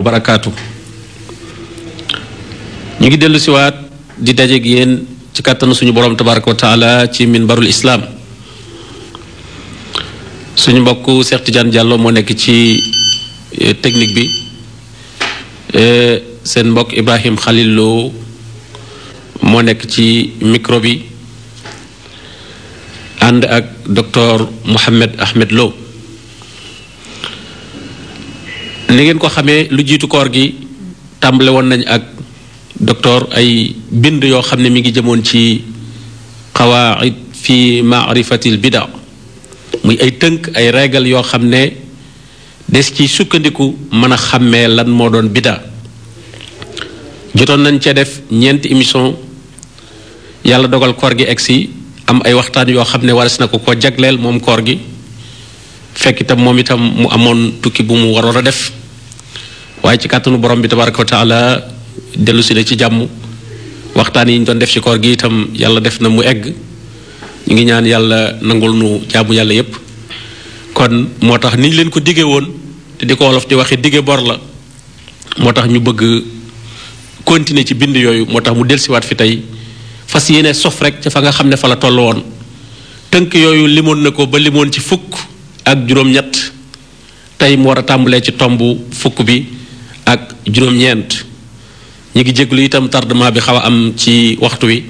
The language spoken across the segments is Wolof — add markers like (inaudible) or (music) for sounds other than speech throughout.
wa barakaatu ñu ngi dellu siwaat di dajeeg yéen ci kàttanu suñu borom tabaraka wa taala ci minbarul islaam suñu mbokk Cheikh Tidiane Diallo moo nekk ci e, technique bi e, seen mbokk Ibrahim Khalil Lo moo nekk ci micro bi ànd ak docteur Mohamed Ahmed Lo ni ngeen ko xamee lu jiitu koor gi tàmbale woon nañ ak docteur ay bind yoo xam ne mi ngi jëmoon ci qawaid fi maarifatil bida muy ay tënk ay régal yoo xam ne des ci sukkandiku mën a xàmmee lan moo doon bida jotoon nañ cee def ñeenti émission yàlla dogal koor gi egsi am ay waxtaan yoo xam ne waras na ko ko jagleel moom koor gi fekk itam moom itam mu amoon tukki bu mu waroon a def waaye ci kàttanu borom bi tabaraka wa taala dellu si na ci jàmm waxtaan yi ñu doon def ci koor gi itam yàlla def na mu egg ñu ngi ñaan yàlla nangul lu jaamu yàlla yépp kon moo tax niñ leen ko digge woon te di ko wolof di waxe digge bor la moo tax ñu bëgg continuer ci bind yooyu moo tax mu delsiwaat fi tey fas yéene sof rek ca fa nga xam ne fa la toll woon tënk yooyu limoon na ko ba limoon ci fukk ak juróom-ñett tey mu war a tàmbalee ci tomb fukk bi ak juróom-ñeent ñu ngi jéglu itam tardement bi xaw a am ci waxtu wi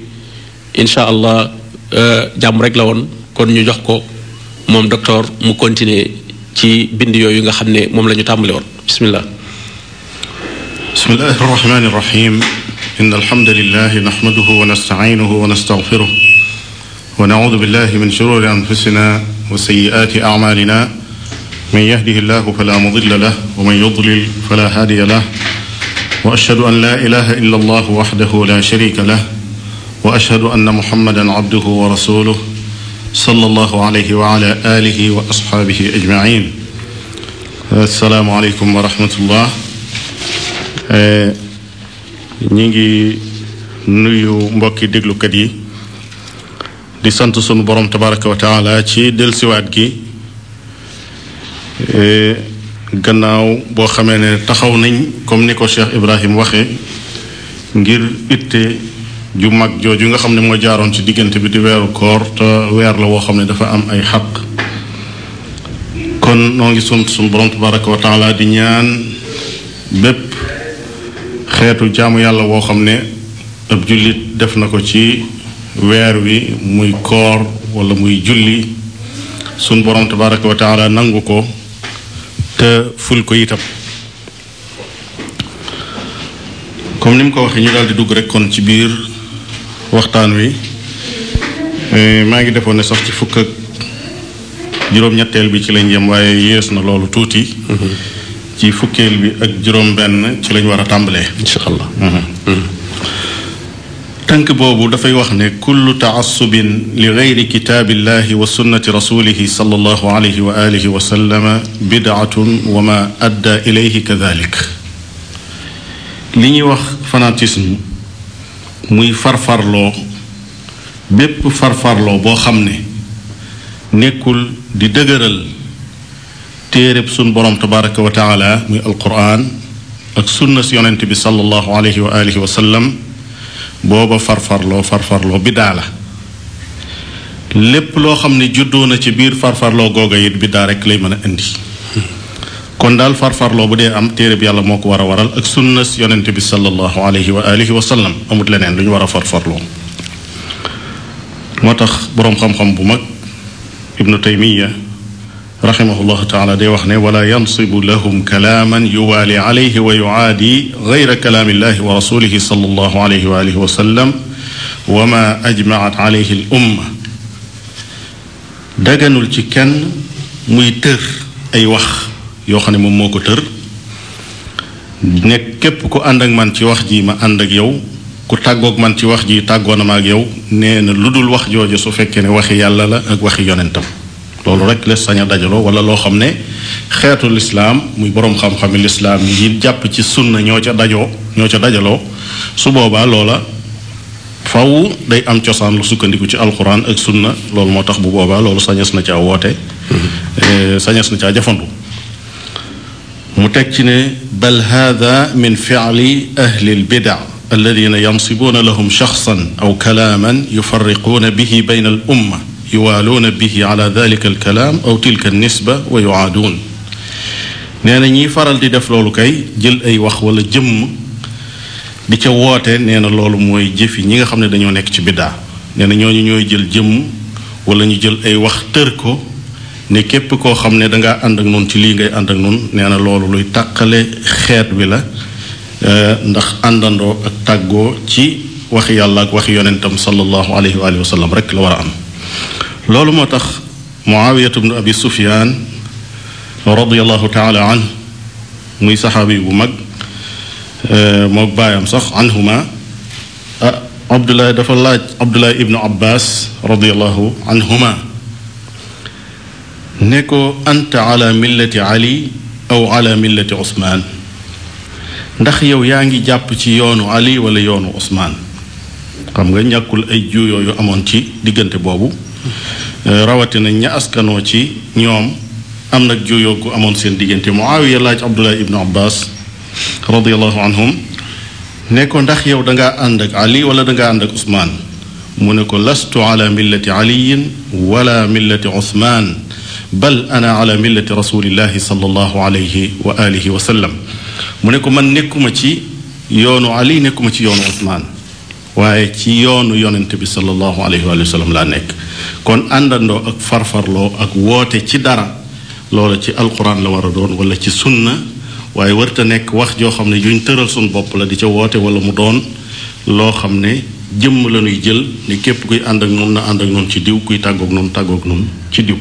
incha allah euh, jàmm rek la woon kon ñu jox ko moom docteur mu continuer ci bind yooyu nga xam ne moom la ñu tàmbali woon bismillah bismillahi arrahmani irrahim in alhamdulillah nahmaduhu wa nastacinuhu wa nastaghfiruh wa nacuudu billahi min shururi anfusina wa sayyiaati acmalina من يهده الله فلا مضل له ومن يضلل فلا هادي له واشهد ان لا اله الا الله وحده لا شريك له واشهد ان محمدا عبده ورسوله صلى الله عليه وعلى اله واصحابه اجمعين السلام عليكم ورحمه الله ñi ngi nuyu mbokki déglukat yi di sant sunu borom tabaraka wa taala ci delsiwaat gi Euh, gannaaw boo xamee ne taxaw nañ comme ni ko Cheikh Ibrahim waxee ngir itte ju mag jooju nga xam ne moo jaaroon ci diggante bi di weeru koor te weer la woo xam ne dafa am ay xaq kon noo ngi sunt suñu borom tabaraka wa di ñaan bépp xeetu jaamu yàlla woo xam ne ab jullit def na ko ci weer wi muy koor wala muy julli suñ borom tabaraka wa nangu ko te ful ko itam comme ni mu ko waxee ñu daal di dugg rek kon ci biir waxtaan wi eh, maa ngi defoon ne sax ci fukk ak juróom-ñetteel bi ci lañ yem waaye yees na loolu tuuti. Mhm. ci fukkeel bi ak juróom-benn ci lañ war a tàmbalee. incha allah. Mhm. Mhm. tënk boobu dafay wax ne kullu tacassubin li geyri kitaabillahi wa sunnati rasulihi sallallahu alayhi wa alihi wa sallama bidcatun wa ma adda ilayhi kadalik li ñuy wax fanatisme muy farfarloo bépp farfarloo boo xam ne nekkul di dëgëral téereb sun boroom tabaraka wa taala muy alquran ak sunna si yonent bi sallallahu alayhi wa alihi wa sallam booba farfarloo farfarloo biddaa la lépp loo xam ne juddoo na ci biir farfarloo googa it biddaa rek lay mën a indi kon daal farfarloo bu dee am téere bi yàlla moo ko war a waral ak si yonent bi sallallahu alayhi wa amut leneen lu ñu war a farfarloo moo tax boroom xam-xam bu mag ibnu taymiya raximahullahu taala day wax ne wala yansibu lahum kalaaman yuwaali alayhi wa yuaadi gayra kalaamillahi wa rasulihi sallallahu alayhi wa alihi wa sallam wa ma ajmaat alayhi daganul ci kenn muy tër ay wax yoo xam ne moom moo ko tër nekk képp ku ànd ak man ci wax ji ma ànd ak yow ku tàggoog man ci wax ji tàggoona ma yow nee na lu dul wax jooje su fekkee ne waxi yàlla la ak waxi yonentam loolu rek les sañ dajaloo wala loo xam ne xeetu lislaam muy boroom xam-xami lislaam yi jàpp ci sunna ñoo ca dajoo ñoo ca dajaloo su boobaa loola faw day am cosaan lu sukkandiku ci alquran ak sunna loolu moo tax bu boobaa loolu sañes na caa woote eh, sañes na caa jafandu mu teg ci ne bal hada min fi'li ahli albidaa alladina yansibuuna lahum shaxsan aw kalaaman yufarriquuna bihi bayna al umma yuwaaluuna bihi ala dalika alkalaam aw tilka alnisba wa yuaaduun nee na ñiy faral di def loolu kay jël ay wax wala jëmm di ca woote nee na loolu mooy jëfi ñi nga xam ne dañoo nekk ci biddaa nee na ñooñu ñooy jël jëmm wala ñu jël ay wax tër ko ne képp koo xam ne danga ànd ak noonu ci lii ngay ànd ak noon nee na loolu luy tàqale xeet bi la e, ndax àndandoo ak tàggoo ci waxi yàlla ak waxi yonentam sallallahu alayhi wa sallam rek la war a am loolu moo tax muawiyatu bnu abi sufyaan radiallahu taala an muy saxaabi bu mag eh, mook baayam sax anhuma ah abdulaay dafa laaj abdulaay ibnu abbas radiallahu anhuma ne ko anta ala millati ali aw ala millati usmaan ndax yow yaa ngi jàpp ci yoonu ali wala yoonu usmaan xam nga ñàkkul ay juuyoo yu amoon ci diggante boobu Euh, rawatina ña askanoo ci ñoom am nag juyoo gu amoon seen diggante Muawiya laaj Abdullah ibnu Abbas radiallahu anhum ne ko ndax yow dangaa ànd ak Ali wala dangaa ànd ak Usmaan mu ne ko lastu ala millati aliyin wala millati Usmaan bal ana ala millati rasulillahi sallallahu alayhi wa alihi wa sallam mu ne ko man nekkuma ci yoonu Ali nekkuma ci yoonu Usmaan waaye ci yoonu yonente bi sallallahu alayhi wa sallam laa nekk kon àndandoo ak farfarloo ak woote ci dara loola ci alquran la war a doon wala ci sunna waaye warta nekk wax joo xam ne juñ tëral suñ bopp la di ca woote wala mu doon loo xam ne jëmm la ñuy jël ni képp kuy ànd ak noonu na ànd ak noonu ci diw kuy tàggook noonu tàggoog noonu ci diw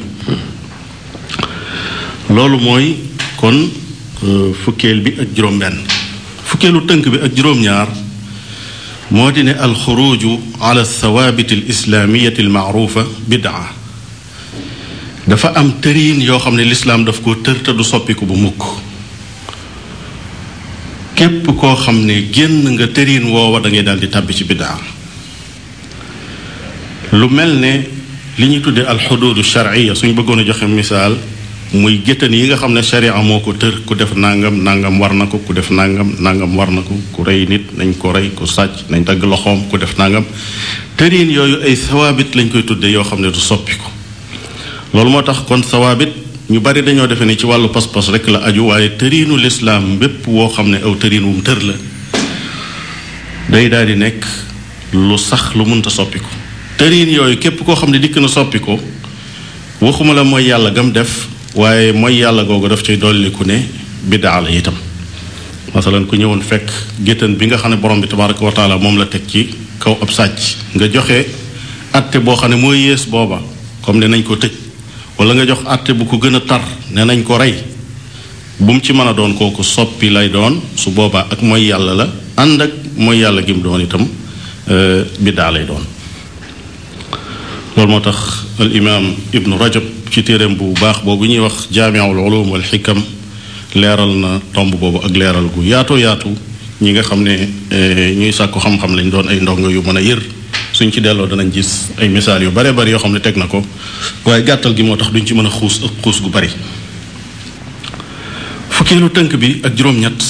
loolu mooy kon euh, fukkeel bi ak juróom-benn fukkeelu tënk bi ak juróom-ñaar moo di ne alxuruju ala thawaabit alislaamiyati almaarufa bidaa dafa am tëriin yoo xam ne lislaam daf ko tër te du soppiku bu mukk képp koo xam ne génn nga tëriin woowa dangay daal di tàbbi ci bidaa lu mel ne li ñuy tudde alxuduudu sharciya suñ bëggoon a joxe misaal muy géttan yi nga xam ne sharia moo ko tër ku def nangam nangam war na ko ku def nangam nangam war na ko ku rey nit nañ ko rey ku sàcc nañ dagg loxoom ku def nangam tëriin yooyu ay sawaabit lañ koy tuddee yoo xam ne du soppi loolu moo tax kon sawaabit ñu bari dañoo defee ni ci wàllu pas rek la aju waaye tëriinu lislaam bépp woo xam ne aw tëriin wum tër la day daal di nekk lu sax lu munta soppi ko tëriin yooyu képp koo xam ne dikk na soppi ko waxuma la mooy yàlla gam def waaye mooy yàlla googu daf ciy dolliku ne biddaa la itam masalan ku ñëwoon fekk géttan bi nga xam ne borom bi tabaraka wa taala moom la teg ci kaw ab sàcc nga joxe atte boo xam ne mooy yées booba comme ne nañ ko tëj wala nga jox atte bu ko gën a tar ne nañ ko rey bu mu ci mën a doon kooku soppi lay doon su boobaa ak mooy yàlla la ànd ak mooy yàlla gi mu doon itam euh, biddaa lay doon loolu moo tax al imaam ibnu rajab ci téeréem bu baax boobu ñuy wax jaamiul ulum wal xikam leeral na tomb boobu ak leeral gu yaatoo yaatu ñi nga xam ne eh, ñuy sàkku xam-xam lañ doon ay ndongo yu mën a yër suñ ci delloo danañ gis ay misaal yu bare bari yoo xam ne teg na ko waaye gàttal gi moo tax duñ ci mën a xuus ak xuus gu bari fukkeelu tënk bi ak juróom-ñett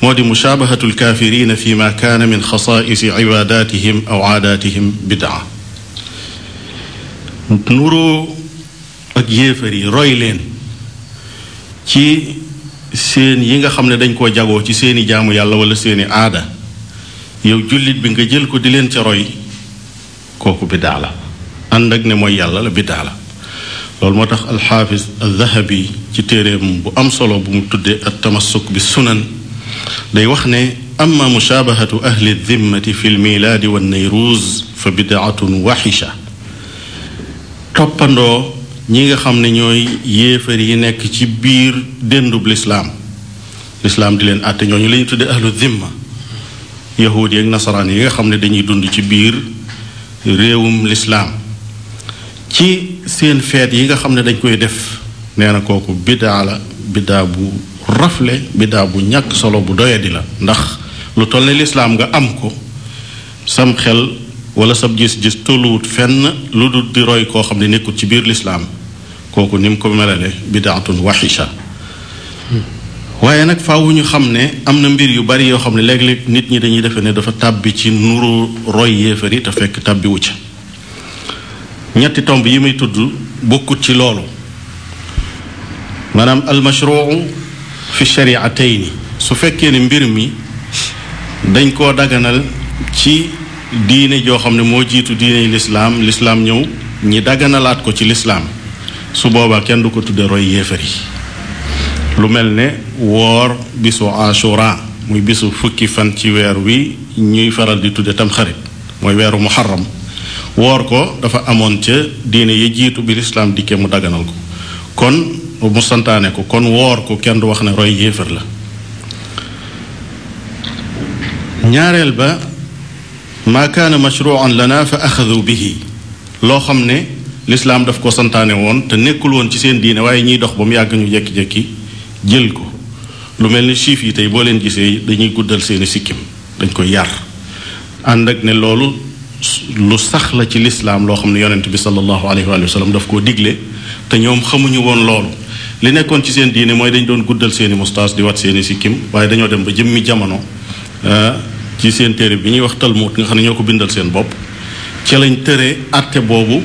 moo di mushaabaxatu alkaafirina fi ma kaana min xasaaisi ibadatihim aw aadatihim bidaa nuroo ak yéefar yi roy leen ci seen yi nga xam ne dañ koo jagoo ci seeni jaamu yàlla wala seeni aada yow jullit bi nga jël ko di leen ca roy kooku biddaa la ànd ak ne mooy yàlla la biddaa la loolu moo tax alxaafis aldahabi ci téereem bu am solo bu mu tuddee at tamassuk bi sunan day wax ne amma mushaabahatu ahli dimmati fi lmilaadi wa nayruuz fa bidaatun waxisha toppandoo ñi nga xam ne ñooy yéefar yi nekk ci biir déndub lislaam lislaam di leen àtte ñooñu la ñu tudde ahlu zimma yahuud yi ak nasaraan yi nga xam ne dañuy dund ci biir réewum lislaam ci seen feet yi nga xam ne dañ koy def nee na kooku biddaa la biddaa bu rafle biddaa bu ñàkk solo bu doyadi la ndax lu toll ne lislaam nga am ko sam xel wala sab gis-gis tolluwut fenn lu dul di roy koo xam ne nekkul ci biir lislaam kooku ni mu ko melale bidaatun waxisha waaye nag faaw ñu xam ne am na mbir yu bari yoo xam ne léeg-léeg nit ñi dañuy defe ne dafa tàbbi ci nuru roy yéefar yi te fekk tàbbiwu ca ñetti tomb yi may tudd bokkut ci loolu maanaam almashruu fi shariatayni su fekkee ne mbir mi dañ koo daganal ci diine joo xam ne moo jiitu diine lislaam lislaam ñëw ñi dagganalaat ko ci lislaam su boobaa kenn du ko tudde roy yéefar yi lu mel ne woor bisu ashura muy bisu fukki fan ci weer wi ñuy faral di tudde tamxarit mooy weeru muharram woor ko dafa amoon ca diine ya jiitu bi lislaam dikkee mu daganal ko kon mu santaane ko kon woor ko kenn du wax ne roy yéefar la maa kaana mashruan lana fa axadu bihi loo xam ne lislaam daf ko santaane woon te nekkul woon ci seen diine waaye ñiy dox ba mu yàgg ñu jekki-jekki jël ko lu mel ni chiif yi tey boo leen gisee dañuy guddal seeni sikkim dañ koy yar ànd ak ne loolu lu sax la ci lislaam loo xam ne yonent bi sallallahu alayhi wa sallam daf koo digle te ñoom xamuñu woon loolu li nekkoon ci seen diine mooy dañ doon guddal seeni mustaas di wat seeni sikkim waaye dañoo dem ba jëmmi jamono euh, ci seen téere bi ñuy wax Talmud nga xam ne ñoo ko bindal seen bopp ci lañ tëree atte boobu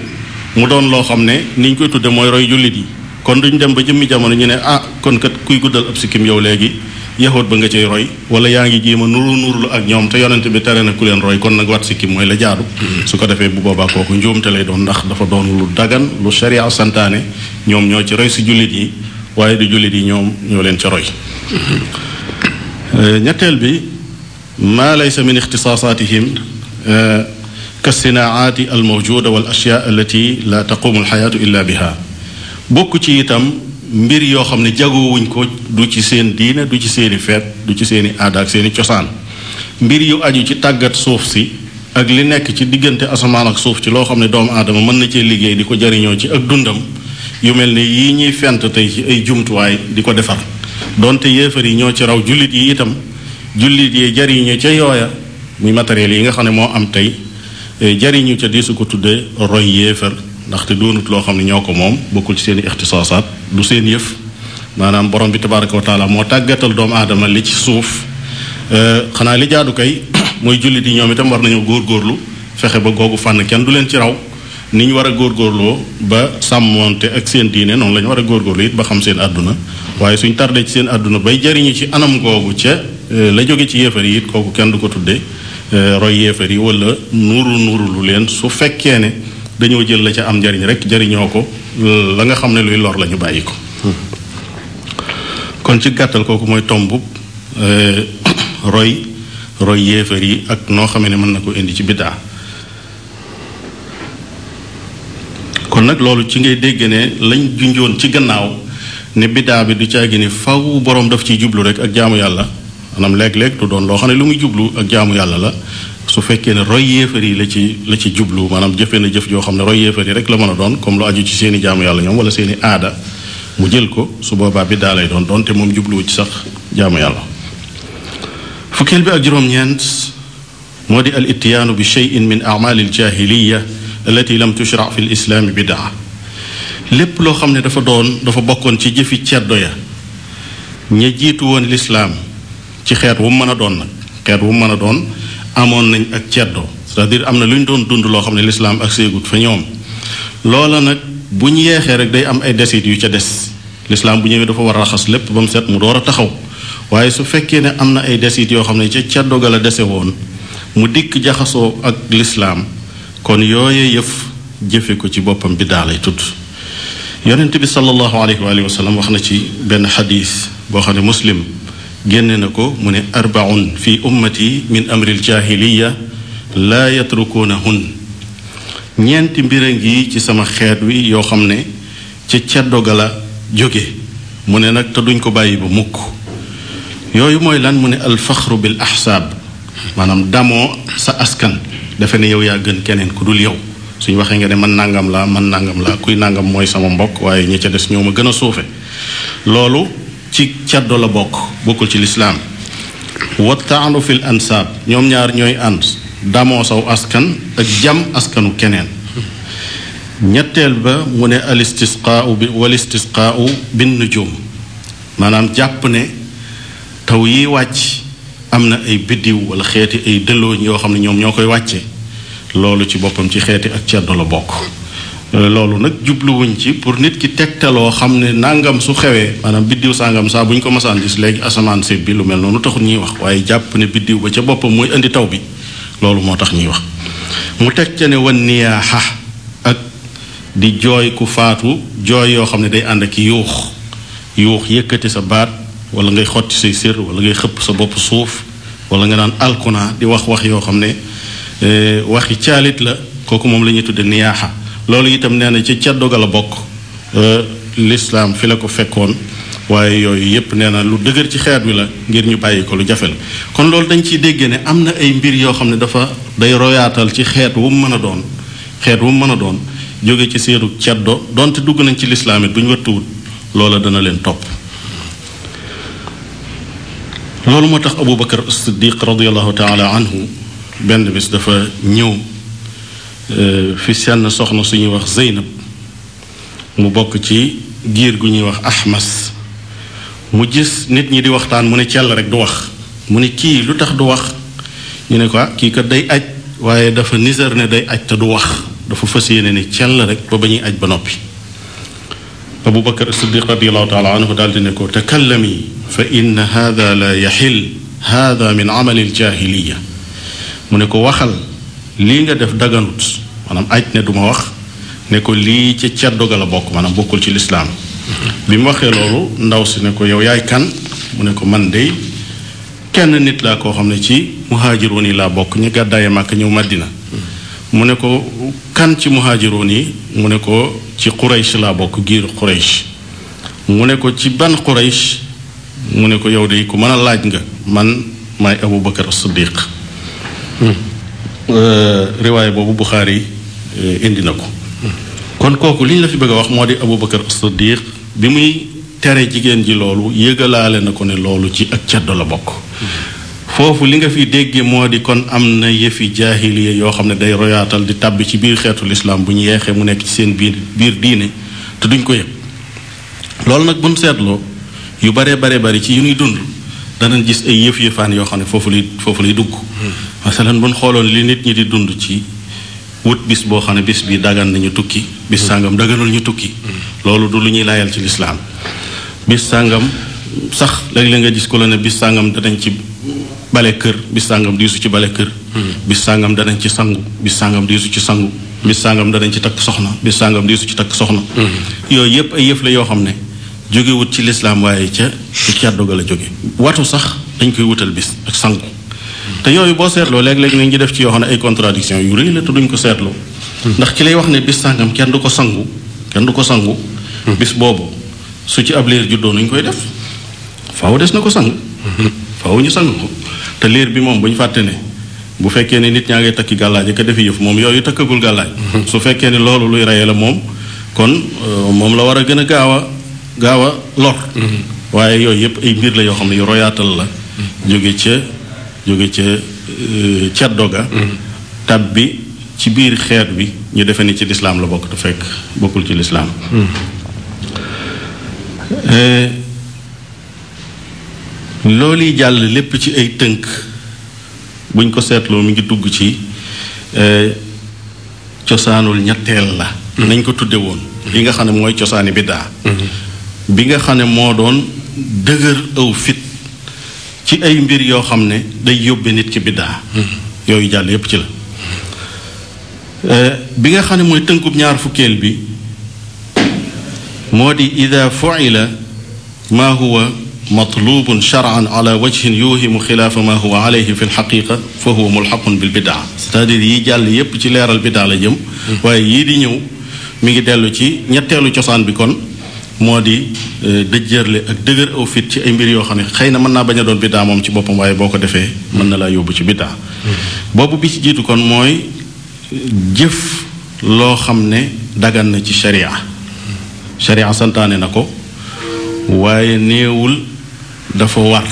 mu doon loo xam ne ni koy tudde mooy roy jullit yi kon duñ dem ba jëmmi jamono ñu ne ah kon kat kuy guddal ab sikkim yow léegi yaxut ba nga cay roy wala yaa ngi jéem a nuru ak ñoom te yonent bi tere na ku leen kon nag wat sikkim mooy la jaadu hmm. su ko defee bu boobaa kooku njuumte lay doon ndax dafa doon lu dagan lu sharia santaane ñoom ñoo ci roy si jullit yi waaye du jullit yi ñoom ñoo leen ca roy hmm. euh, ñetteel bi maa laysa min ixtisaasaatihim euh, ka sinaati almawjuda wal ashyaa allati la taqumu alxayaatu illa biha bokk ci itam mbir yoo xam ne jagowuñ ko du ci seen diine du ci seeni feet du ci seeni aada seeni cosaan mbir yu aju ci tàggat suuf si ak li nekk ci diggante asamaan ak suuf ci loo xam ne doomu aadama mën na cee liggéey di ko jariñoo ci ak dundam yu mel ni yii ñuy fent tey ci ay jumtuwaay di ko defar donte yéefar yi ñoo ci raw jullit yi itam jullit yi jariñu ca yooya muy matériel yi nga xam ne moo am tey eh, jariñu ca di su ko tuddee roy yéefar ndaxte doonut loo xam ne ñoo ko moom bokkul ci seen i ixtisaasaat du seen yëf maanaam borom bi tabaraka wa moo tàggatal doomu aadama li ci suuf eh, xanaa li jaadu kay (coughs) mooy jullit yi ñoom itam war nañoo góorlu fexe ba googu fànn kenn du leen ci raw ni ñu war a góorgóorloo ba sàmmoonte ak seen diine noonu la ñu war a góorgóorlu it ba xam seen àdduna waaye suñ tardé ci seen àdduna bay jariñu ci anam googu ca Euh, la jóge ci yéefar yi it kooku kenn du ko tudde euh, roy yéefar yi walla nuuru nuuru lu leen su fekkee ne dañoo jël la ca am njariñ rek jariñoo ko euh, la nga xam ne luy lor lañu bàyyi ko kon ci gàttal kooku mooy tombu roy roy yéefar yi ak noo xamee ne mën na ko indi ci biddaa kon nag loolu ci ngay dégg ne lañ junjoon ci gannaaw ne biddaa bi du caagi ni faw boroom daf ciy jublu rek ak jaamu yàlla maanaam léeg-léeg du doon loo xam ne lu muy jublu ak jaamu yàlla la su fekkee ne roy yéefar yi la ci la ci jublu maanaam jëfee na jëf joo xam ne roy yéefar yi rek la mën a doon comme lu aju ci seeni jaamu yàlla ñoom wala seeni aada mu jël ko su boobaa bi daa lay doon doonte moom jubluwu ci sax jaamu yàlla fukkeel bi ak juróom-ñeent moo di al ittiyaanu bi cheyin min aamaali al jahiliya allati lam tushra fi l islaami bidaa lépp loo xam ne dafa doon dafa bokkoon ci jëfi ceddo ya ña jiitu woon lislaam xeet wu mën a doon nag xeet wu mën a doon amoon nañ ak ceddoo sa diir am na lu ñu doon dund loo xam ne lislaam ak séegut fa ñoom loola nag bu ñu yeexee rek day am ay desit yu ca des lislaam bu ñëwee dafa war a raxas lépp ba mu set mu door a taxaw waaye su fekkee ne am na ay desit yoo xam ne ca ceddo ga la dese woon mu dikk jaxasoo ak lislaam kon yooye yëf jëfe ko ci boppam bi daa lay tudd yonent bi sallallahu alayhi wa sallam wax na ci benn xadis boo xam ne muslim génne na ko mu ne arbaun fi ummati min amril jaahiliya laa yatrukuunahun ñeenti mbir a ngi ci sama xeet wi yoo xam ne ci ceddo ga jóge mu ne nag te duñ ko bàyyi ba mukk yooyu mooy lan mu ne alfaxru bil axsaab maanaam damoo sa askan defe ne yow yaa gën keneen ku dul yow suñ waxee nga ne man nàngam laa man nàngam laa kuy nàngam mooy sama mbokk waaye ñi ca des ñoo ma gën a suufe loolu ci caddo la bokk bokkul ci lislaam wattaanu fil ansaab ñoom ñaar ñooy ànd damoo saw askan ak jam askanu keneen ñetteel ba mu ne al istisqaau bi wal istisqaau bin nujum maanaam jàpp ne taw yi wàcc am na ay biddiw wala xeeti ay dëllooñ yoo xam ne ñoom ñoo koy wàcce loolu ci boppam ci xeeti ak caddo la bokk Euh, loolu nag jubluwuñ ci pour nit ki tegtaloo xam ne nangam su xewee maanaam biddiw sangam saa bu ñu ko masaan si léegi asamaan si bi lu mel noonu taxul ñuy wax waaye jàpp ne biddiw ba ca boppam mooy taw bi loolu moo tax ñuy wax mu teg ca ne wan niyaaxa ak di jooy ku faatu jooy yoo xam ne day ànd ak yuux yuux yëkkati sa baat wala ngay xotti say sér wala ngay xëpp sa bopp suuf wala nga naan alkuna di wax wax yoo xam ne euh, waxi caalit la kooku moom la ñuy tudde niyaaxa loolu itam nee na ci ceddo ga la bokk euh, lislaam fi la ko fekkoon waaye yooyu yépp nee na lu dëgër ci xeet wi la ngir ñu bàyyi ko lu jafe la kon loolu dañ ci déggee ne am na ay mbir yoo xam ne dafa day royaatal ci xeet wu mu mën a doon xeet wu mu mën a doon jóge ci seenu ceddo donte dugg nañ ci lislaam bu ñu wattuwut loola dana leen topp loolu moo tax Abu Bakar Siddiq radiallahu taala anhu benn bis dafa ñëw Euh, fisian seen soxna suñuy wax Zeynab mu bokk ci giir gu ñuy wax Ahmas mu jis nit ñi di waxtaan mu ne ci rek du wax mu ne kii lu tax du wax ñu ne ko ah, kii kat day aj waaye dafa nisar ne day aj te du wax dafa fas yéene ne cell rek ba ba ñuy aj ba noppi abu bakar siddiq radiallahu taala anhu daal ne ko takallami fa in hada la yaxil hada min amali aljaahiliya mu ne ko waxal lii nga def daganut maanaam aj ne du ma wax ne ko lii ci ceddo ga la bokk maanaam bokkul ci lislaam bi mu waxee loolu ndaw si ne ko yow yaay kan mu ne ko man dey kenn nit laa koo xam ne ci muhaajiroon yi laa bokk ñu gàddaaye màkk ñëw Madina mu ne ko kan ci muhaajiroon yi mu ne ko ci Quraysh laa bokk giir Quraysh mu ne ko ci ban Quraysh mu ne ko yow de ku mën a laaj nga man maay Abu Bakar Siddiq hmm. Euh, riwaay boobu Buxaari euh, indi na ko kon kooku li ñu la fi bëgg a wax moo di Abubakar As-Siddiq bi muy tere jigéen ji loolu yëgalaale na ko ne loolu ci ak ceddo la bokk foofu li nga fi déggee moo di kon am na yëfi jaahiliya yoo xam ne day royaatal di tàbbi ci biir xeetu lislaam bu ñu yeexee mu nekk ci seen biir biir diine te duñ ko yëg loolu nag buñ seetloo yu baree bare bari ci yu ñuy dund danañ gis ay yëf yëfaan yoo xam ne foofu lay foofu lay dugg masalan buñ xooloon li nit ñi di dund ci wut bis boo xam ne bis bi dagan nañu tukki bis hmm. sàngam daganul ñu tukki hmm. loolu du lu ñuy laayal ci lislaam bis sàngam sax léeg-léeg nga gis ko la ne bis sàngam danañ ci bale kër bis sàngam diisu ci bale kër hmm. bis sàngam danañ ci sangu bis sàngam diisu ci sangu bis sàngam danañ ci takk soxna bis sàngam su ci takk soxna yooyu yépp a yëf la yoo xam ne jógewut ci lislaam waaye ca ci caddu ga la jóge watu sax dañ koy wutal bis ak sangu te yooyu boo seetloo léeg-léeg nañ ñu def ci yoo xam ne ay contradiction yu rëy la te ko seetlu ndax ki lay wax ne bis sàngam kenn du ko sangu kenn du ko sangu bis boobu su ci ab liir juddoo nañ koy def faw des na ko sang faaw ñu sang ko te liir bi moom bu ñu fàtte ne bu fekkee ne nit ñaa ngi takki gàllaaj ak a defi yëf moom yooyu takkagul gàllaaj su fekkee ne loolu luy reye la moom kon euh, moom la war a gën a gaaw a gaaw a lor mm-hmm. waaye yooyu yëpp ay mbir la yoo xam ne yu royaatal la mm-hmm. jóge jóge ca euh, ceddo ga mm-hmm. tab bi ci biir xeet bi ñu defe ni ci lislaam la bokk te fekk bokkul ci lislaam mm-hmm. euh, yi jàll lépp ci ay tënk buñ ko seetloo mi ngi dugg ci euh, cosaanul ñetteel la mm-hmm. nañ ko tudde woon li nga xam ne mooy cosaani biddaa bi nga xam ne moo doon dëgër aw fit ci ay mbir yoo xam ne day yóbbe nit ki biddaa mm-hmm. yooyu jàll yépp ci la eh, bi nga xam ne mooy tënkub ñaar fukkeel bi moo di ida fuila ma huwa matlubun charan ala wajhin yuhimu xilaafa ma huwa alayhi fi lxaqiqa fa huwa mulxaqun bil bidaa cest yi jàll yépp ci leeral bidaa la jëm mm-hmm. waaye yii di ñëw mi ngi dellu ci ñetteelu cosaan bi kon moo di euh, dëjërle ak dëgër aw fit ci ay mbir yoo xam ne xëy na mën naa bañ a doon biddaa moom ci boppam waaye boo ko defee mën na laa yóbbu ci biddaa mm-hmm. boobu bi ci jiitu kon mooy jëf loo xam ne daggan na ci sharia sharia santaane na ko waaye néewul dafa war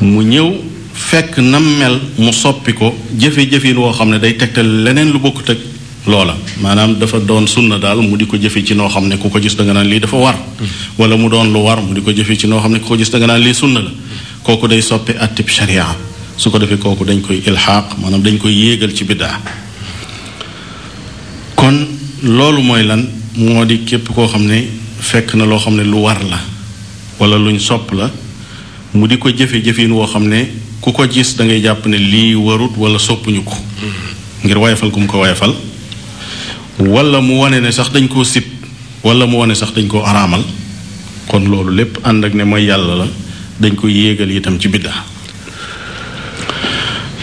mu ñëw fekk nam mel mu soppi ko jëfe jëfin woo xam ne day tegtal leneen lu bokkut ak loola maanaam dafa doon sunna daal mu di ko jëfe ci noo xam ne ku ko gis da nga naan lii dafa war wala mu doon lu war mu di ko jëfe ci noo xam ne ku ko gis da nga naan la kooku day soppi attib sharia su ko defee kooku dañ koy ilxaaq maanaam dañ koy yéegal ci biddaa kon loolu mooy lan moo di képp koo xam ne fekk na loo xam ne lu war la wala luñ sopp la mu di ko jëfe-jëfin woo xam ne ku ko gis da jàpp ne lii warut wala soppuñu ko ngir wayafal ku mu ko wayafal wala mu wane ne sax dañ koo sib wala mu wane sax dañ koo araamal kon loolu lépp ànd ak ne mooy yàlla la dañ koy yéegal itam ci biddaa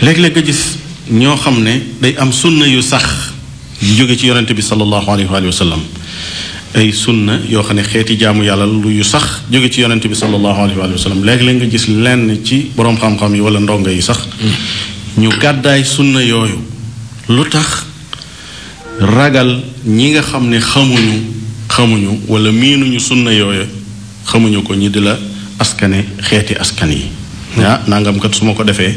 léeg-léeg nga gis ñoo xam ne day am sunna yu sax yu jóge ci yonente bi sallallahu alayhi wa sallam ay sunna yoo xam ne xeeti jaamu yàlla lu yu sax jóge ci yonente bi sallallahu alayhi wa sallam léeg-léeg nga gis lenn ci boroom xam-xam yi wala ndongo yi sax mm. ñu gàddaay sunna yooyu lu tax ragal ñi nga xam ne xamuñu xamuñu wala miinuñu sunna yooyu xamuñu ko ñi di la askane xeeti askan yi hmm. ah nangam kat su ma ko defee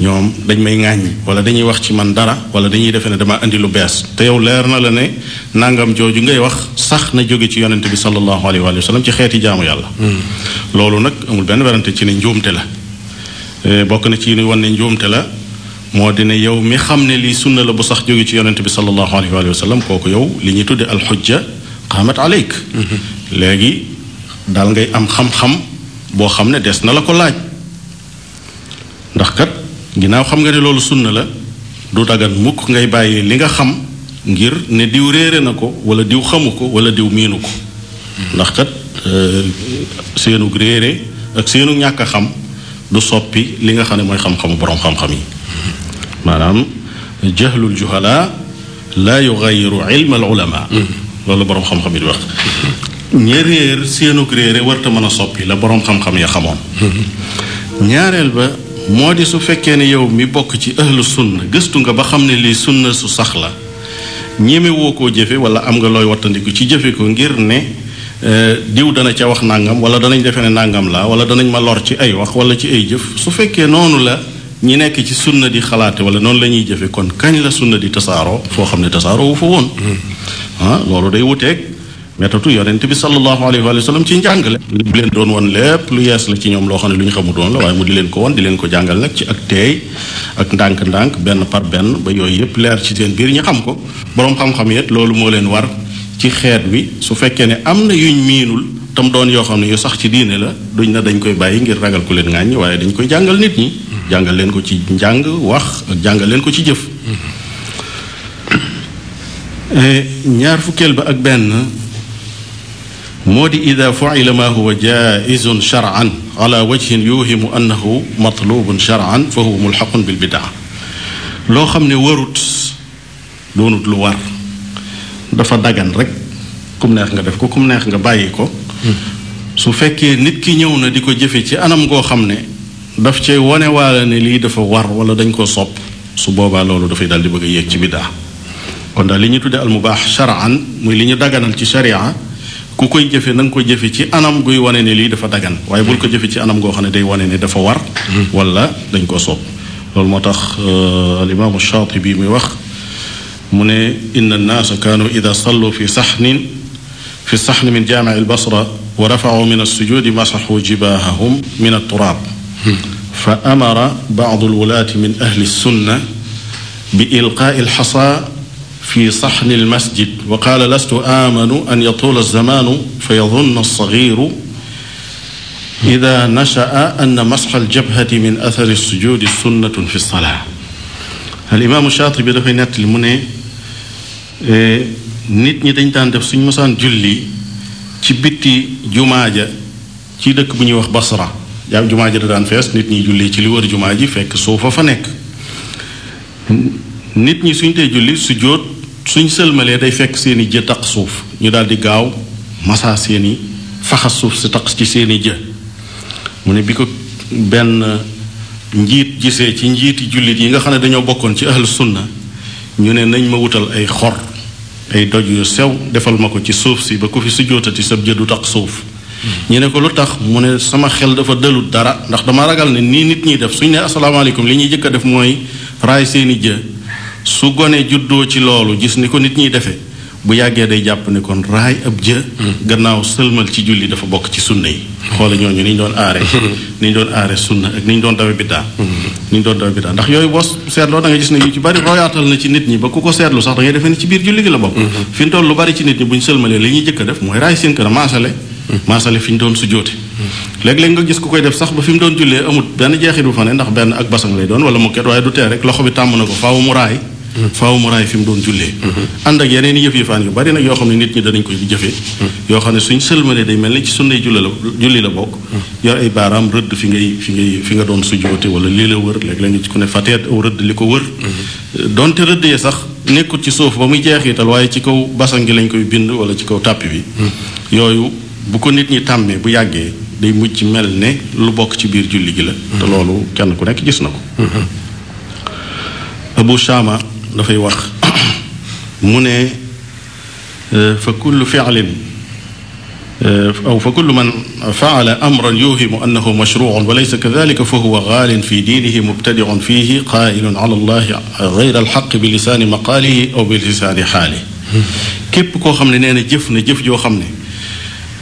ñoom dañ may ŋàññi wala dañuy wax ci man dara wala dañuy defee ne dama indi lu bees te yow leer na la ne nangam jooju ngay wax sax na jóge ci yonent bi sallallahu alayhi wa sallam ci xeeti jaamu yàlla. Hmm. loolu nag amul benn werante ci ne njuumte la eh, bokk na ci ni wan ne njuumte la moo di yow mi xam ne lii sunna la bu sax jóge ci yonente bi sallallahu alayhi wa sallam kooku yow li ñuy tudde alxujja qaamat aleyk léegi daal ngay am xam-xam boo xam ne des na la ko laaj ndax kat ginnaaw xam nga ne loolu sunna la du dagan mukk ngay bàyyi li nga xam ngir ne diw réere na ko wala diw xamu ko wala diw miinu ko ndax kat euh, seenug réere ak seenu ñàkk xam du soppi li nga xam ne mooy xam-xamu boroom xam-xam yi maanaam jahlul juhala laa yugayiru ilma al ulama loolu boroom xam-xam yi di wax ña réer seenug réere warta mën a soppi la boroom xam-xam ya xamoon ñaareel ba moo di su fekkee ne yow mi bokk ci ahlu sunna gëstu nga ba xam ne lii sunna su sax la ñemewoo ko koo jëfe wala am nga looy wattandiku ci jëfe ko ngir ne e, diw dana ca wax nàngam wala danañ defe ne nàngam la wala danañ ma lor ci ay wax wala ci ay jëf su fekkee noonu la ñi nekk ci sunna di xalaate wala noonu la ñuy jëfe kon kañ la sunna di tasaaroo foo xam ne tasaaroo wu fa woon ah loolu day wuteeg métatu yonent bi sallallahu alayhi wa sallam ci njàngale li leen doon woon lu yees la ci ñoom loo xam ne lu ñu xamu doon la mu di leen ko woon ko jàngal ak teey ak ndànk-ndànk benn par benn ba yooyu yëpp leer ci seen biir ñu xam ko boroom xam-xam loolu moo leen war ci xeet wi su fekkee ne am na yuñ miinul tam doon yoo xam ne yu sax ci diine la duñ na dañ koy bàyyi ngir ragal ku leen ŋàññi waaye dañ koy jàngal nit ñi jàngal leen ko ci njàng wax ak jàngal leen ko ci jëf eh, ñaar fukkeel ba ak benn moo di ida fuila ma huwa jaizun shar'an ala wajhin yuhimu annahu matlubun shar'an fa huwa mulxaqun bil bidaa loo xam ne warut doonut lu war dafa dagan rek kum neex nga def ko kum neex nga bàyyi ko hmm. su fekkee nit ki ñëw na di ko jëfe ci anam goo xam ne daf cee wane waale ne lii dafa war wala dañ koo sopp su boobaa loolu dafay dal di bëgg a yéeg ci biddaa kon daal li ñu tuddee al mubaax shar'an muy li ñu daganal ci sharia ku koy jëfe na ko jëfe ci anam guy wane ne lii dafa dagan waaye bul ko jëfe ci anam goo xam ne day wane ni dafa war wala dañ koo sob loolu moo tax euh, al imaamu bii muy wax mu ne inna annaasa kaanu ida sallu fi saxnin fi saxni min jaamici al basra wa rafacuu min alsujudi masaxuu jibaahahum min alturaab fa amara baadu alwulaati min ahli sunna bi ilqaai alxasa fi saxni almasjid wa qaala lastu aamanu an yatuula alzamaanu fa yadunna alsagiru ida nashaa an masxa aljabhati min athari alsujudi sunnatun fi alsalaa alimaamu Shaatibi dafay nettali mu ne e, nit ñi dañ daan def suñ mosaan julli ci bitti jumaaja ci dëkk bu ñuy wax Basra jàpp jumaa ji da daan fees nit ñi julli ci li wër jumaa ji fekk suufa fa nekk nit ñi suñ dee julli su jóot suñ sëlmalee day fekk seeni jë taq suuf ñu daal di gaaw masaa seeni faxas suuf si taq ci seeni jë mu ne bi ko benn njiit gisee ci njiiti jullit yi nga xam ne dañoo bokkoon ci ahlu sunna ñu ne nañ ma wutal ay xor ay doj yu sew defal ma ko ci suuf si ba ku fi su jootati sab jë du taq suuf ñu ne ko lu tax mu ne sama xel dafa dëlut dara ndax dama ragal ne nii nit ñi def suñu ne asalaamaaleykum li ñuy jëkk a def mooy raay seeni jë su gone juddoo ci loolu gis ni ko nit ñiy defee bu yàggee jàpp ne kon raay ab jë hmm. gannaaw sëlmal ci julli dafa bokk ci sunna yi hmm. xoola ñooñu ni ñu doon aare hmm. (laughs) ni ñu doon aare sunna ak ni ñu ni ñu doon dawe biddaa ndax yooyu boo seetloo da nga gis ne yu ci bari royaatal ñu sëlmalee li ñuy jëkk a def mooy raay seen kër a maasale maasale fi ñu doon sujjóote léeg-léeg nga gis ku koy def sax ba fi mu doon jullee amut benn jeexit bu fa ne ndax benn ak basang lay doon wala mu ket waaye du tee rek loxo bi tàmm na ko faaw mu raay faaw mu fi mu doon jullee ànd ak yeneen yëf yëfaan yu bari nag yoo xam ne nit ñi danañ koy jëfee yoo xam ne suñ sëlmalee day mel ni ci sunnay julli la julli la bokk yor ay baaraam rëdd fi ngay fi ngay fi nga doon sujjóote wala lii la wër léeg-léeg nga ci ku ne fateet aw rëdd li ko wër donte rëddee sax nekkut ci suuf ba muy jeexital waaye ci kaw basang gi lañ koy bind wala ci kaw tàpp bi bu ko nit ñi tàmmee bu yàggee day mujj mel ne lu bokk ci biir julli gi la te mm-hmm. loolu kenn ku nekk gis na ko abu shama dafay wax (coughs) mu ne euh, fa kullu fi'lin euh, aw fa kullu man faala amran yuhimu ma mashruun wa laysa kadalika fa huwa gaalin fi diinihi mubtadiun fiihi qaailun ala allahi gayra alxaqi bi lisaani aw bi lisaani xaali mm-hmm. koo xam ne nee jëf na jëf joo xam ne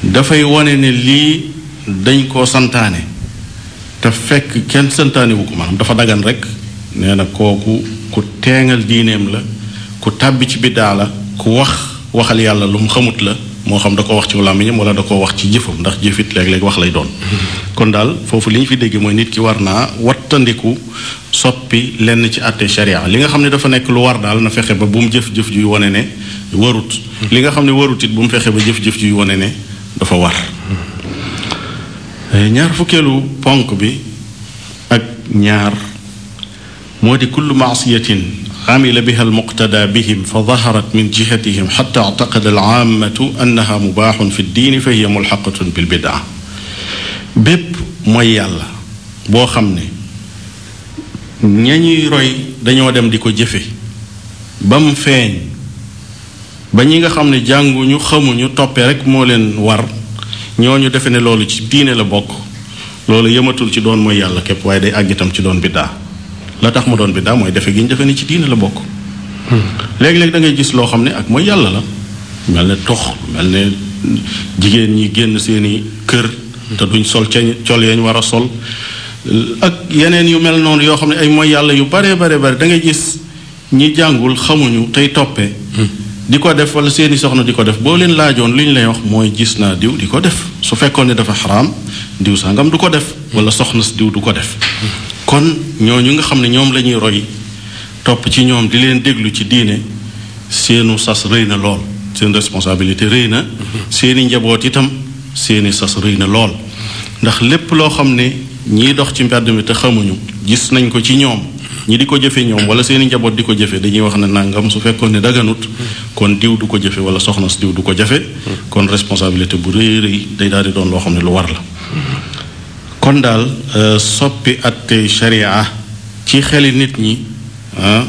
dafay wane ne lii dañ koo santaane te fekk kenn santaane wu ko maanaam dafa dagan rek nee na kooku ku teengal diineem la ku tàbbi ci biddaa la ku wax waxal yàlla lu mu xamut la moo xam da ko wax ci làmmiñam wala da ko wax ci jëfam ndax jëfit léeg-léeg wax lay doon (laughs) kon daal foofu li ñu fi dégg mooy nit ki war naa wattandiku soppi lenn ci àtte sharia li nga xam ne dafa nekk lu war daal na fexe ba bu mu jëf-jëf juy wane ne warut (laughs) li nga xam ne warut bu mu fexe ba jëf-jëf juy wane ne dafa war eh, ñaar fukkeelu ponk bi ak ñaar moo di kullu maasiyatin amila biha almuqtada bihim fa daharat min jihatihim xata actaqada alaamatu annaha mubaaxun fi ddiini fa hiya mulxaqatun bilbidaa bépp mooy yàlla boo xam ne ña ñuy roy dañoo dem di ko jëfe ba mu feeñ ba ñi nga xam ne jànguñu xamuñu toppe rek moo leen war ñu defe ne loolu ci diine la bokk loolu yëmatul ci doon mooy yàlla képp waaye day àgg itam ci doon biddaa la tax mu doon biddaa mooy defe gi ñu defe ne ci diine la bokk léegi hmm. léeg da ngay gis loo xam ne ak mooy yàlla la mel ne tox mel ne jigéen ñi génn seeni kër te duñ sol ca col yañ war a sol ak yeneen yu mel noonu yoo xam ne ay mooy yàlla yu bare bare bare da ngay gis ñi jàngul xamuñu tey toppee hmm. di ko def wala seeni soxna di ko def boo leen laajoon li ñu lay wax mooy gis naa diw di ko def su fekkoon ne dafa xaraam diw sangam du ko def wala soxna diw du ko def kon ñooñu nga xam ne ñoom la ñuy roy topp ci ñoom di leen déglu ci diine seenu sas rëy na lool seen responsabilité rëy na seeni njaboot itam seeni sas rëy na lool ndax lépp loo xam ne ñiy dox ci mbedd mi te xamuñu gis nañ ko ci ñoom ñi di ko jëfe ñoom wala seeni njaboot di ko jëfe dañuy wax ne nangam su fekkoon ne daganut kon diw du ko jëfe wala soxna si diw du ko jafe kon responsabilité bu rëy rëy day daal di doon loo xam ne lu war la kon daal euh, soppi attey sharia ci xeli nit ñi ah,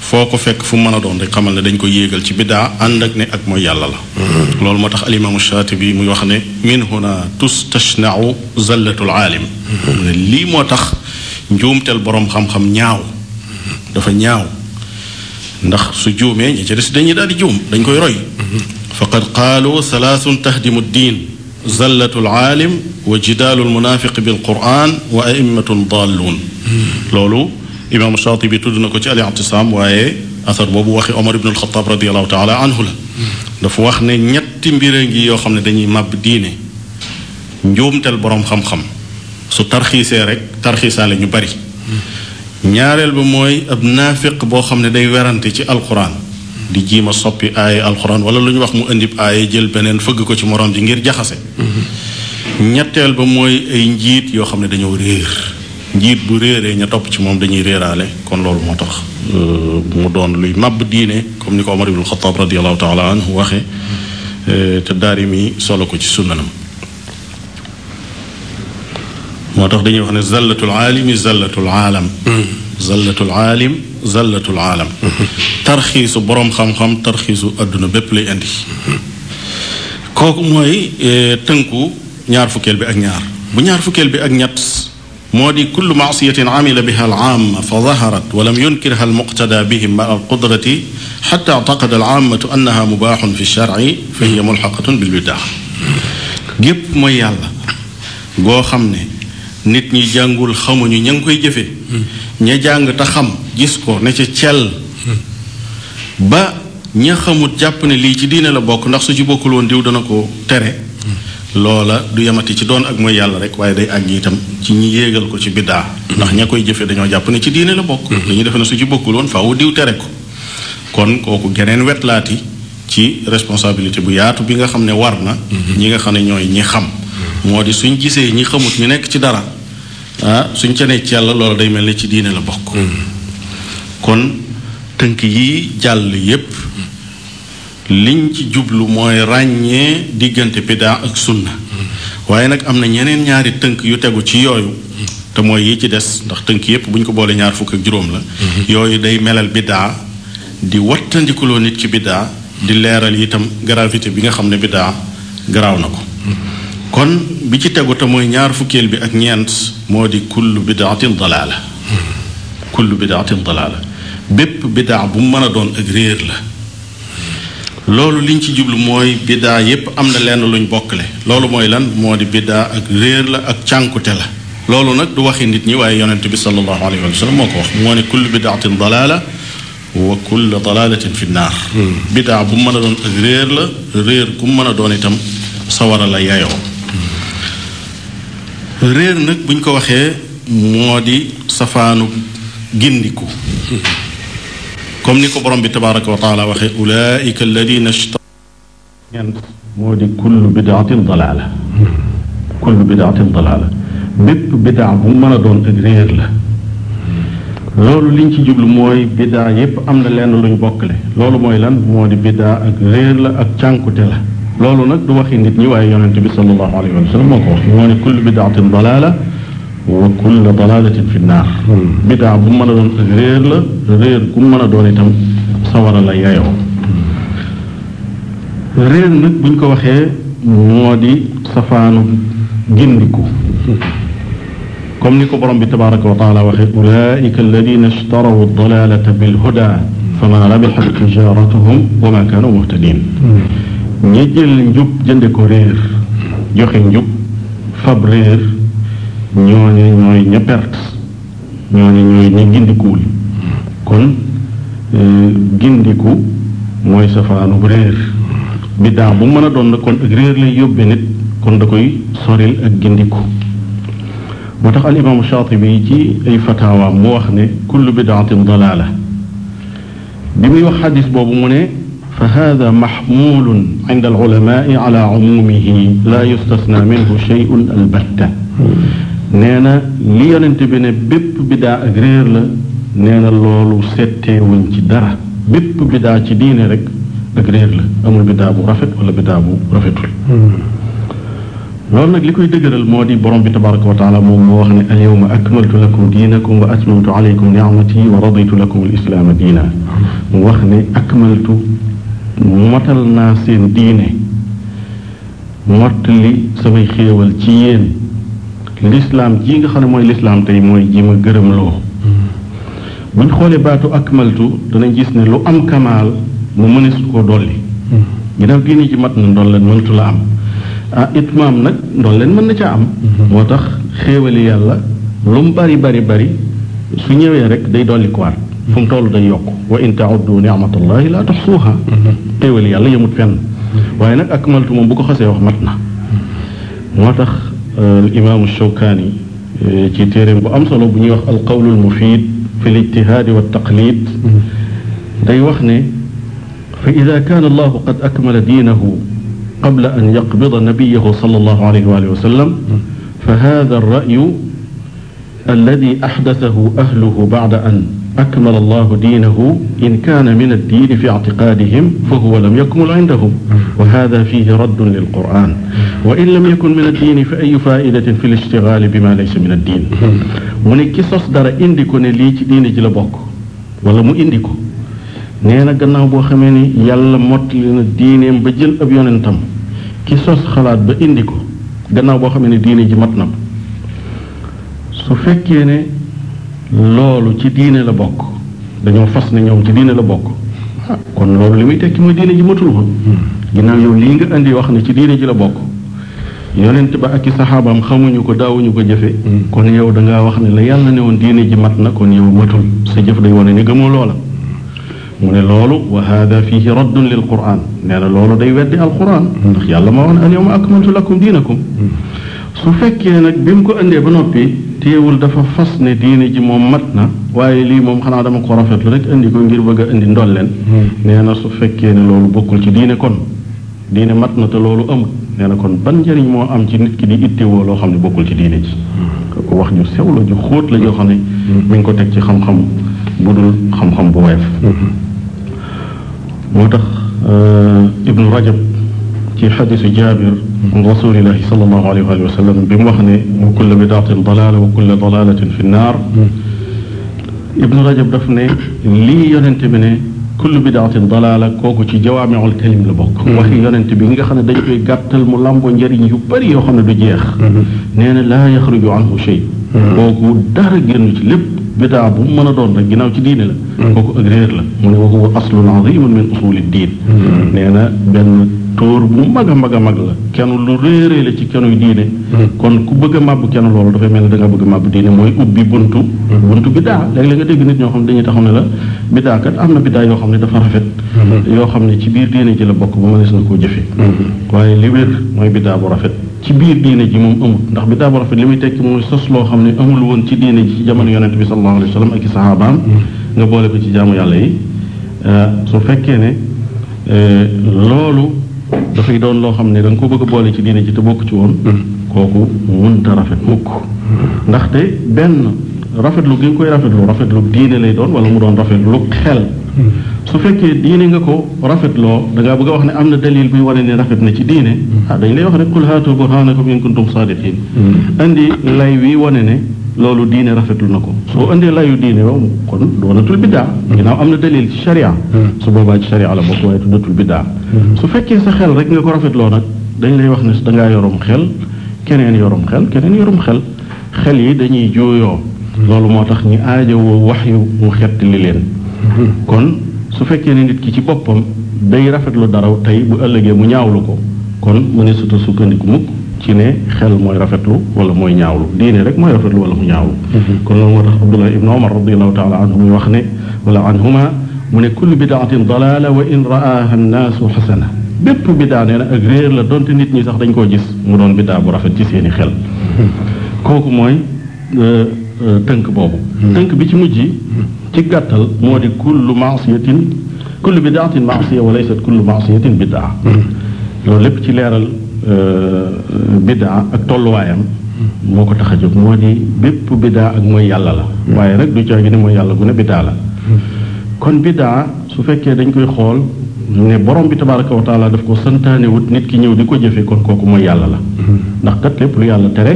foo ko fekk fu mën a doon rek xamal ne dañ ko yéegal ci biddaa ànd ak ne ak mooy yàlla la loolu moo tax alimaamu shaatibi muy wax ne min huna tustashnaau zallatul aalim mu ne lii moo tax njuumteel boroom xam ñaaw dafa ñaaw ndax su juumee ñi ca des dañuy daal di juum dañ koy roy faqad qaalu salaasun tahdimu diin zallatu alaalim wa jidaalu almunaafiq bilquran wa aimmatun dalluun loolu imaam Shaatibi tudd na ko ci al-I'tisaam waaye athar boobu waxi Omar ibn al-Khattab radiallahu dafa wax ne ñetti mbir ngi yoo xam ne dañuy mab diine njuumteel boroom xam-xam su tarxiisee rek tarxiisaale ñu bari ñaareel ba mooy ab naafiq boo xam ne day werante ci alquran di jiima soppi aaya alquran wala lu ñu wax mu indib aaya jël beneen fëgg ko ci morom ji ngir jaxase ñetteel ba mooy ay njiit yoo xam ne dañoo réer njiit bu réeree ña topp ci moom dañuy réeraale kon loolu moo tax euh, mu doon luy màbb diine comme ni ko Omar ibn Xataab radiallahu taala anhu waxe euh, te daari mii solo ko ci sunnanam moo tax dañuy wax ne zallatul aalimi zallatul aalam zallatul aalim zallatul aalam tarxiisu boroom xam-xam tarxiisu àdduna bépp lay indi kooku mooy e, tënku ñaar fukkeel bi ak ñaar bu ñaar fukkeel bi ak ñett moo di kullu maasiyatin amila biha al aama fa zaharat wa lam yunkirha al muqtada bihim ma al qudrati xata actaqada al aamatu annaha mubaaxun fi sharci fa hiya mulxaqatun bil bidaa gépp mooy yàlla goo xam ne nit ñi jàngul xamuñu ña ngi koy jëfe hmm. ña jàng te xam gis ko ne ca cell hmm. ba ña xamut jàpp ne lii ci diine la bokk ndax su ci bokkul woon diw dana ko tere hmm. loola du yamati ci doon ak mooy yàlla rek waaye day àgg itam ci ñi yéegal ko ci biddaa ndax ña koy jëfe dañoo jàpp ne ci diine la bokk dañuy defe ne su ci bokkul woon faaw diw tere ko kon kooku geneen wetlaati ci responsabilité bu yaatu bi nga xam ne war na ñi nga xam ne ñooy ñi xam moo di suñ gisee ñi xamut ñu nekk ci dara ah, suñ ca ne ci yàlla loolu day mel ni ci diine la bokk mm. kon tënk yi jàll yépp liñ ci jublu mooy ràññee diggante bidaa ak sunna mm. waaye nag am na ñeneen ñaari tënk yu tegu ci yooyu mm. te mooy yi ci des ndax tënk yépp bu ñu ko boolee ñaar fukk ak juróom la mm-hmm. yooyu day melal biddaa di wattandikuloo nit ci biddaa di leeral itam gravité bi nga xam ne bidaa garaaw na ko kon bi ci tegu mooy ñaar fukkeel bi ak ñeent moo di kullu bidaatin dalaala kullu bidaatin dalaala bépp bidaa bu mën a doon ak réer la loolu liñ ci jublu mooy bidaa yépp am na lenn luñ bokkale loolu mooy lan moo di bidaa ak réer la ak cànkute la loolu nag du waxi nit ñi waaye yonent bi sallallahu alayhi wa sallam moo ko wax moo ne kullu bidaatin hmm. mën a doon ak réer la réer ku mën a doon itam sawara la réer nag bu ñu ko waxee moo di safaanu gindiku comme ni ko borom bi tabaraka wa taala waxee ulaika alladina moo di kullu bidaatin dalaala kullu bidaatin dalaala bépp bidaa bu mën a doon ak réer la loolu liñ ci jublu mooy bidaa yépp am na lenn luñ bokkale loolu mooy lan moo di bidaa ak réer la ak cànkute la loolu nag du waxi nit ñi waaye yonente bi sallallahu alayhi wa sallam moo ko wax moo ne kullu bidaatin dalaala wa kullu dalaalatin fi naar bidaa bu mën a doon réer la réer ku mën a doon itam sawara la yayoo réer nag buñ ko waxee moo di safaanu gindiku comme ni ko borom bi tabaraka wa taala waxee ulaika alladina ishtaraw dalalata bilhuda fama rabihat tijaratuhum wa ma kanu muhtadin ñi jël njub jënde ko réer joxe njub fab réer ñooñu ñooy ña perte ñooñu ñooy ñi gindikuwul kon euh, gindiku mooy safaanu bu réer biddaa bu mën a doon na kon ak réer lay yóbbe nit kon da koy soril ak gindiku moo tax al imaamu Shaatibi ci ay fataawaam mu wax ne kullu bidaatin dalaala bi muy wax xadis boobu mu ne fa hada maxmulun inda alulamaai ala umumihi laa yustasna minhu cheyun albatta nee na li yonente bi ne bépp bidaa ak réer la nee na loolu setteewuñ ci dara bépp bidaa ci diine rek ak réer la amul bidaa bu rafet wala bidaa bu rafetul loolu nag li koy dëgëral moo di borom bi tabaraka wa taala moom moo wax ne alyawma akmaltu lakum diinakum wa atmamtu alaykum niamati wa raditu lakum alislaama diina mu wax ne akmaltu motal naa seen diine mottali samay xéewal ci yéen lislaam ji nga xam ne mooy lislaam tey mooy ji ma gërëmloo hmm. buñ xoolee baatu akmaltu danañ gis ne lu am kamaal mu mëneesu ko dolli hmm. ginnaaw diine ji mat na ndool leen mëntu am ah itmaam nag ndool leen mën na ca am hmm. moo tax xéewali yàlla lu bari bari bari su ñëwee rek day dolli ko fu mu toll day yokk wa in tauddu nicmatallahi laa tuxsuuha téewal yàlla yëmut fenn waaye nag ak maltu moom bu ko xasee wax mat na moo tax euh, alimaamu shawkaani euh, ci téeréem bu am solo bu ñuy wax alqawlu almufid fi lijtihaadi wa taqlid day wax ne fa ida kaana allahu qad akmala diinahu qabla an yaqbida nabiyahu sal allahu alayhi wa alihi wa sallam fa hada alrayu alladi axdasahu ahluhu bacda an akmala allahu diinahu in kaana min addiini fi ictiqaadihim fa huwa lam yakmul cindahum wa hada fihi raddun lilquran wa in lam yakun min addiini fa ayu faa'idatin fi lishtigaali bima laysa min addiin mu ne ki sos dara indi ko ne lii ci diine ji la bokk wala mu indi ko nee na gannaaw boo xamee ni yàlla mottali na diineem ba jël ab yonentam ki sos xalaat ba indi ko gannaaw boo xamee ne diine ji mat na su fekkee ne loolu ci diine la bokk dañoo fas na ñoom ci diine la bokk kon loolu li muy tekki mooy diine ji matul ma ginnaaw yow lii nga indi wax na ci diine ji la bokk yonent ba ak i saxaabaam xamuñu ko daawuñu ko jëfe mm. kon yow dangaa wax ne la yàlla ne woon diine ji mat na kon yow matul sa jëf day wane ne gëmoo loola mu ne loolu wa hada fihi raddun lil quran nee na loolu day weddi alquran mm. ndax yàlla ma woon al yawma akmaltu lakum diinakum mm. su fekkee nag bi mu ko indee ba noppi téewul dafa fas ne diine ji moom mat na waaye lii moom xanaa dama ko rafetlu rek indi ko ngir bëgg a indi ndolleen hmm. nee na su fekkee ne loolu bokkul ci diine kon diine mat na te loolu amul nee na kon ban njëriñ moo am ci nit ki di ittewoo loo xam ne bokkul ci diine ji hmm. ko wax ju sew la ju xóot la joo xam ne hmm. mi ko teg ci xam-xam bu dul xam-xam bu woyof moo tax euh, ibnu rajab ci xadisu jaabir an rasulillahi sallallahu alayhi wa alihi wa sallam bi mu wax ne wa kulla bidaatin dalaala wa kulla dalaalatin fi nnaar ibnu rajab daf ne lii yonente bi ne kullu bidaatin dalaala kooku ci jawaamiul kalim la bokk hmm. waxi yonente bi nga xam ne dañ koy gàttal mu làmboo njëriñ yu bëri yoo xam ne du jeex hmm. nee na laa yaxruju anhu shay hmm. kooku dara génn ci lépp bidaa bu mu mën a doon rek ginnaaw ci diine la kooku ak réer la mu ne wa huwa aslun azimun min usuli diin nee na benn tóor bu mag a mag a mag la kenn lu réeréer la ci kennuy diine hmm. kon ku bëgg a màbb kenn loolu dafay mel ne danga bëgg a màbb diine mooy ubbi buntu hmm. buntu biddaa léeg-léeg nga dégg nit ñoo xam ne dañuy taxaw ne la biddaa kat am na biddaa yoo xam ne dafa rafet hmm. yoo xam ne ci biir diine ji la bokk ba mënees na koo jëfee waaye li wér mooy biddaa bu rafet ci biir diine ji moom amul ndax biddaa bu rafet li muy tekki mooy sos loo xam ne amul woon ci diine ji ci jamono yonent bi sallallahu alayhi wa sallam ak i sahabaam nga ci jaamu yàlla yi euh, su ne euh, loolu dafay doon loo xam ne da nga ko bëgg a boole ci diine ji te bokk ci woon mm. kooku munta rafet mukk mm. ndaxte benn rafetlu gi nga koy rafetlu rafetlu diine lay doon wala mu doon rafet rafetlu xel mm. su fekkee diine nga ko rafet loo ngaa bëgg a wax ne am na dalil buy wane ne rafet na ci diine ah dañ lay wax rek ko haatu burhaanakum in kuntum saadiqin andi lay wi wane ne loolu diine rafetlu na ko soo indee layu diine moom kon doonatul biddaa ginnaaw am na dalil ci sharia hmm. su boobaa ci sharia la bokk waaye tuddatul biddaa hmm. su fekkee sa xel rek nga ko rafetloo nag dañ lay wax ne dangaa yorom xel keneen yorom xel keneen yorom xel xel yi dañuy jooyoo hmm. loolu moo tax ñu aajowoo wax yu mu xet li leen kon su fekkee ne nit ki ci boppam day rafetlu dara tey bu ëllëgee mu ñaawlu ko kon mu ne suta sukkandiku mukk ci ne xel mooy rafetlu wala mooy ñaawlu diine rek mooy rafetlu wala mu ñaawlu mhm. kon loolu moo tax abdullah ibn omar radiallahu taala anhu muy wax ne wala anhuma mu ne kullu bidaatin dalaala wa in raaha nnaasu xasana bépp bidaa nee na ak réer la donte nit ñi sax dañ koo gis mu doon bidaa bu rafet ci seeni xel mhm. kooku mooy euh, euh, tënk boobu mhm. tënk bi ci mujj ci gàttal moo di kullu maasiyatin kullu bidaatin maasiya wa laysat kullu maasiyatin bidaa loolu lépp ci leeral Euh, biddaa ak tolluwaayam moo ko tax a jóg moo di bépp biddaa ak mooy yàlla la waaye rek du cox gi ne mooy yàlla gu ne biddaa la kon biddaa su fekkee dañ koy xool ne borom bi tabaraka wa taala daf ko santaane wut ki ñëw di ko jëfe kon kooku mooy yàlla la kat lépp lu yàlla tere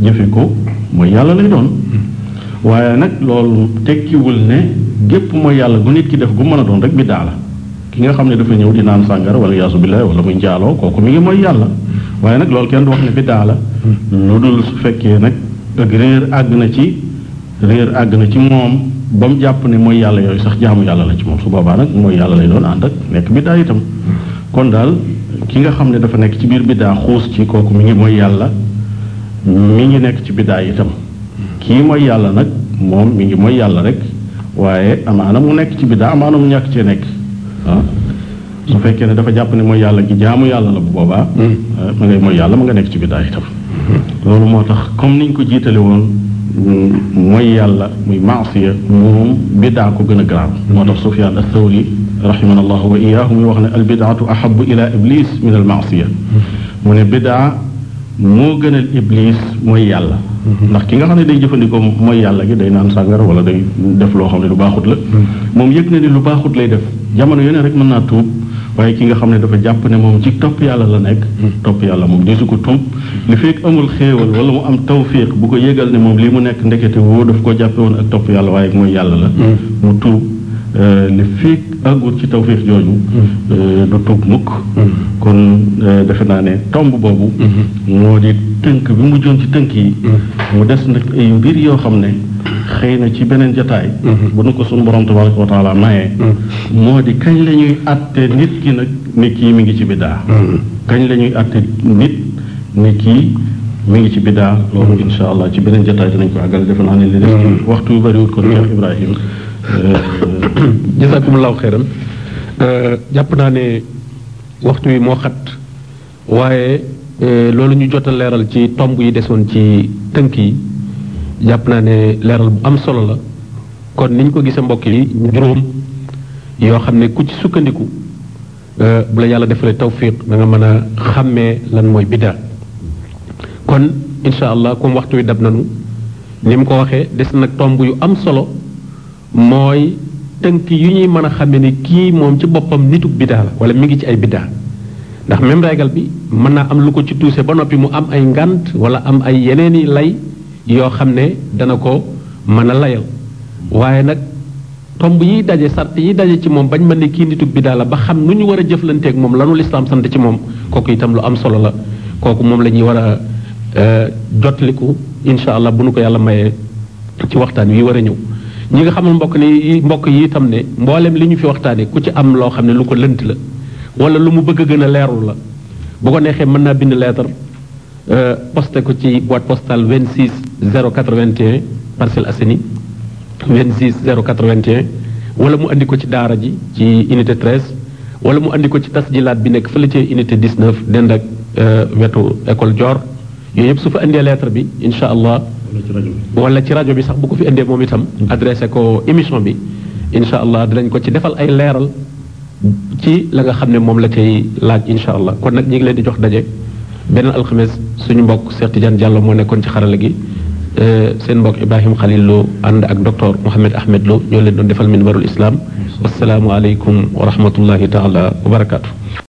jëfe ko mooy yàlla lay doon waaye nag loolu tekkiwul ne gépp mooy yàlla gu nit ki def gu mën a doon rek biddaa la ki nga xam ne dafa ñëw di naan sàngara wala yaasu billahi wala muy njaaloo kooku mu ngi mooy yàlla waaye nag loolu kenn du wax ne biddaa la lu dul su fekkee nag ak réer àgg na ci réer àgg na ci moom ba mu jàpp ne mooy yàlla yooyu sax jaamu yàlla la ci moom su boobaa nag mooy yàlla lay doon ànd ak nekk biddaa itam kon daal ki nga xam ne dafa nekk ci biir biddaa xuus ci kooku mi ngi mooy yàlla mi ngi nekk ci biddaa itam kii mooy yàlla nag moom mu ngi mooy yàlla rek waaye amaana mu nekk ci biddaa amaana mu ñàkk cee nekk waaw ah. su fekkee ne dafa jàpp ne mooy yàlla gi jaamu yàlla la bu boobaa. Hmm. Eh, ma ngay mooy yàlla ma nga nekk ci biddaa itam. Hmm. loolu moo tax comme niñ ko jiitale woon mooy yàlla muy maasiya moom biddaa ko gën a garaaw. Hmm. moo tax Sufyaan Athawri rahimana allah wa iyaahu muy wax ne al bidaatu ahabu ila iblis min al maasiya mu ne biddaa moo gënal iblis mooy yàlla. Mhm. ndax ki nga xam ne day jëfandikoo mooy yàlla gi day naan sàngara wala day def loo xam ne lu baaxut la mhm. moom yëg na ni lu baaxut lay def jamono yone rek mën naa tuub waaye ki nga xam ne dafa jàpp ne moom ci topp yàlla la nekk mhm. topp yàlla moom di ko tuub li fekk amul xéewal wala mu am tawfiq bu ko yëgal ne moom lii mu nekk ndekete woo daf ko jàppe woon ak topp yàlla waaye mooy yàlla la mu tuub euh, li fekk àggut ci tawféex jooju mm-hmm. euh, du tuub mukk mm-hmm. kon euh, defe naa ne tomb boobu mm-hmm. moo di tënk bi mu joon ci tënk yi mu des nag ay mbir yoo xam ne xëy na ci beneen jataay bu nu ko suñu borom tabaraka wa taala moo di kañ la ñuy àtte nit ki nag ne kii mi ngi ci biddaa kañ la ñuy àtte nit ne kii mi ngi ci biddaa loolu insha allah ci beneen jataay dinañ ko àggal defe naa ne li des waxtu yu bëriwut kon Cheikh Ibrahim euh, (coughs) jazakumullahu xeyran euh, jàpp naa ne waxtu wi moo xat waaye euh, loolu ñu jot leeral ci tomb yi desoon ci tënk yi jàpp naa ne leeral bu am solo la kon ni ñu ko gisee mbokk yi juróom yoo xam ne ku ci sukkandiku euh, bu la yàlla defalee tawfiq da nga mën a xàmmee lan mooy biddaa kon incha allah comme waxtu wi dab nanu ni mu ko waxee des nag tomb yu am solo mooy tënk yu ñuy mën a xamee ni kii moom ci boppam nitu biddaa la wala mi ngi ci ay biddaa ndax même régal bi mën naa am lu ko ci tuuse ba noppi mu am ay ngànt wala am ay yeneen i lay yoo xam ne dana ko mën a layal waaye nag tomb yiy daje sart yiy daje ci moom bañ mën ne kii nitu biddaa la ba xam nu ñu war a jëflanteeg moom lanu lislaam sant ci moom kooku itam lu am solo la kooku moom la ñuy war a euh, jotliku incha allah bu nu ko yàlla mayee ci waxtaan wi war a ñëw ñi nga xamal mbokk ni mbokk yi itam ne mboolem li ñu fi waxtaanee ku ci am loo xam ne lu ko lënt la wala lu mu bëgg a gën a leeru la bu ko neexee mën naa bind lettre euh, poste ko ci boîte postale 26 081 Parcelles Assainies 26 081 wala mu indi ko ci daara ji ci unité 13 wala mu andi ko ci tasjilaat bi nekk fële ci unité 19 dend ak euh, wetu école Dior yooyu yëpp su fa andee lettre bi incha allah. wala ci rajo bi sax bu ko fi indee moom itam adressé ko émission bi incha allah danañ ko ci defal ay leeral ci la nga xam ne moom la cay laaj incha allah kon nag ñu ngi leen di jox daje benn alxames suñu mbokk Cheikh Tidiane Diallo moo nekkoon ci xarala gi eh, seen mbokk Ibrahim Khalil Lo ànd ak docteur Mohamed Ahmed Lo ñoo leen doon defal minbarul islam wasalaamualeykum wa rahmatullahi taala wa barakaatu.